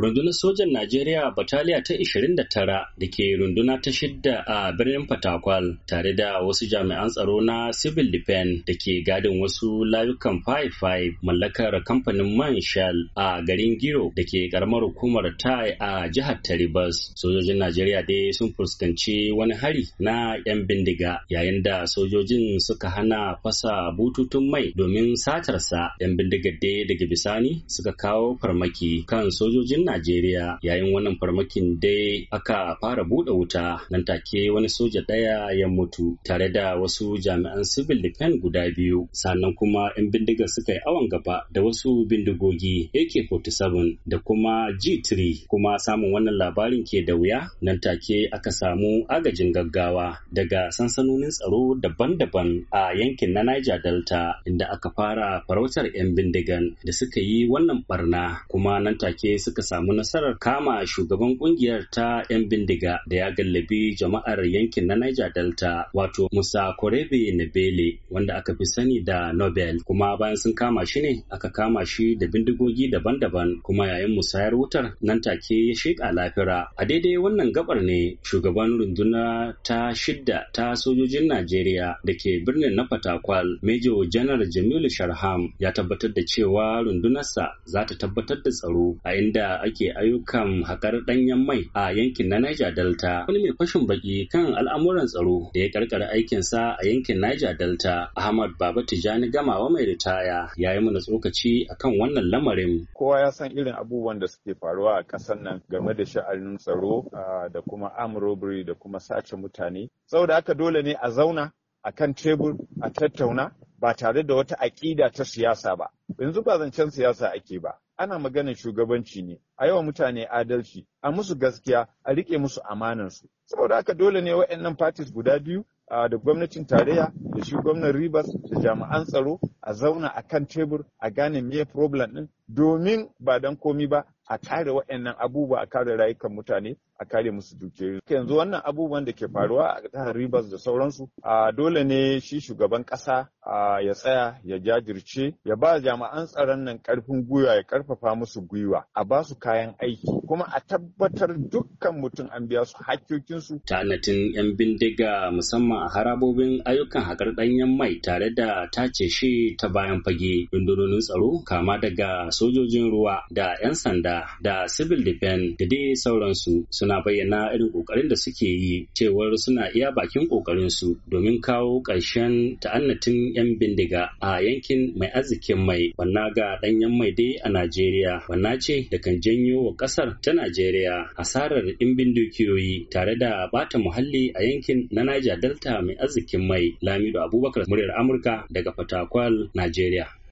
rundunar sojan Najeriya bataliya ta 29 da ke runduna ta shidda a birnin Fatakwal tare da wasu jami'an tsaro na civil defense da ke gadin wasu layukan fi mallakar kamfanin man shell a garin Giro da ke karamar hukumar Tai a jihar Taribas. Sojojin Najeriya dai sun fuskanci wani hari na 'yan bindiga yayin da sojojin suka hana fasa bututun mai domin satarsa 'yan bindiga dai daga bisani suka kawo farmaki kan sojojin Najeriya yayin wannan farmakin dai aka fara buɗe wuta nan take wani soja ɗaya ya mutu tare da wasu jami'an civil defense guda biyu sannan kuma 'yan bindigar suka yi awon gaba da wasu bindigogi AK-47 da kuma G3 kuma samun wannan labarin ke da wuya nan take aka samu agajin gaggawa daga sansanonin tsaro daban-daban a yankin na Niger Delta inda aka fara farautar 'yan bindigan da suka yi wannan barna kuma nan take suka samu samu nasarar kama shugaban kungiyar ta 'yan bindiga da ya gallabi jama'ar yankin na Niger Delta wato Musa Korebe Nebele wanda aka fi sani da Nobel kuma bayan sun kama shi ne aka kama shi da bindigogi daban-daban kuma yayin musayar wutar nan take ya sheƙa lafira. A daidai wannan gabar ne shugaban runduna ta shidda ta sojojin Najeriya da ke birnin na Fatakwal Major Janar Jamilu Sharham ya tabbatar da cewa rundunarsa za ta tabbatar da tsaro a inda ake ayyukan haƙar ɗanyen mai a yankin na Niger Delta. Wani mai fashin baki kan al'amuran tsaro da ya karkara aikinsa a yankin Niger Delta, Ahmad Baba Tijani Gamawa mai ritaya ya yi mana tsokaci akan wannan lamarin. Kowa ya san irin abubuwan da suke faruwa a ƙasar nan game da sha'anin tsaro da kuma armed robbery da kuma sace mutane. Saboda haka dole ne a zauna a kan tebur a tattauna ba tare da wata aƙida ta siyasa ba. Yanzu ba zancen siyasa ake ba. ana maganar shugabanci ne a yawa mutane adalci a musu gaskiya a rike musu amanansu saboda haka dole ne waɗannan parties guda biyu da gwamnatin tarayya da shi gwamnan Rivers da jami'an tsaro a zauna a kan tebur a gane me problem ɗin domin ba don komi ba a kare waɗannan abubuwa a kare rayukan mutane a kare musu dukiyoyi yanzu wannan abubuwan da ke faruwa a jihar Rivers da sauransu a dole ne shi shugaban ƙasa ya tsaya ya jajirce ya ba jami'an tsaron nan karfin gwiwa ya karfafa musu gwiwa a ba su kayan aiki kuma a tabbatar dukkan mutum an biya su hakkokinsu. Tanatin 'yan bindiga musamman a harabobin ayyukan haƙar ɗanyen mai tare da tace shi ta bayan fage rundunonin tsaro kama daga sojojin ruwa da 'yan sanda da civil defense da dai sauransu suna bayyana irin ƙoƙarin da suke yi cewar suna iya bakin ƙoƙarinsu domin kawo ƙarshen ta'annatin 'yan bindiga a yankin mai arzikin mai wanna ga ɗanyen mai dai a Najeriya wanna ce da kan janyo wa ƙasar ta Najeriya asarar ɗimbin bindukiyoyi tare da bata muhalli a yankin na Niger Delta mai arzikin mai Lamido Abubakar muryar Amurka daga Fatakwal, Najeriya.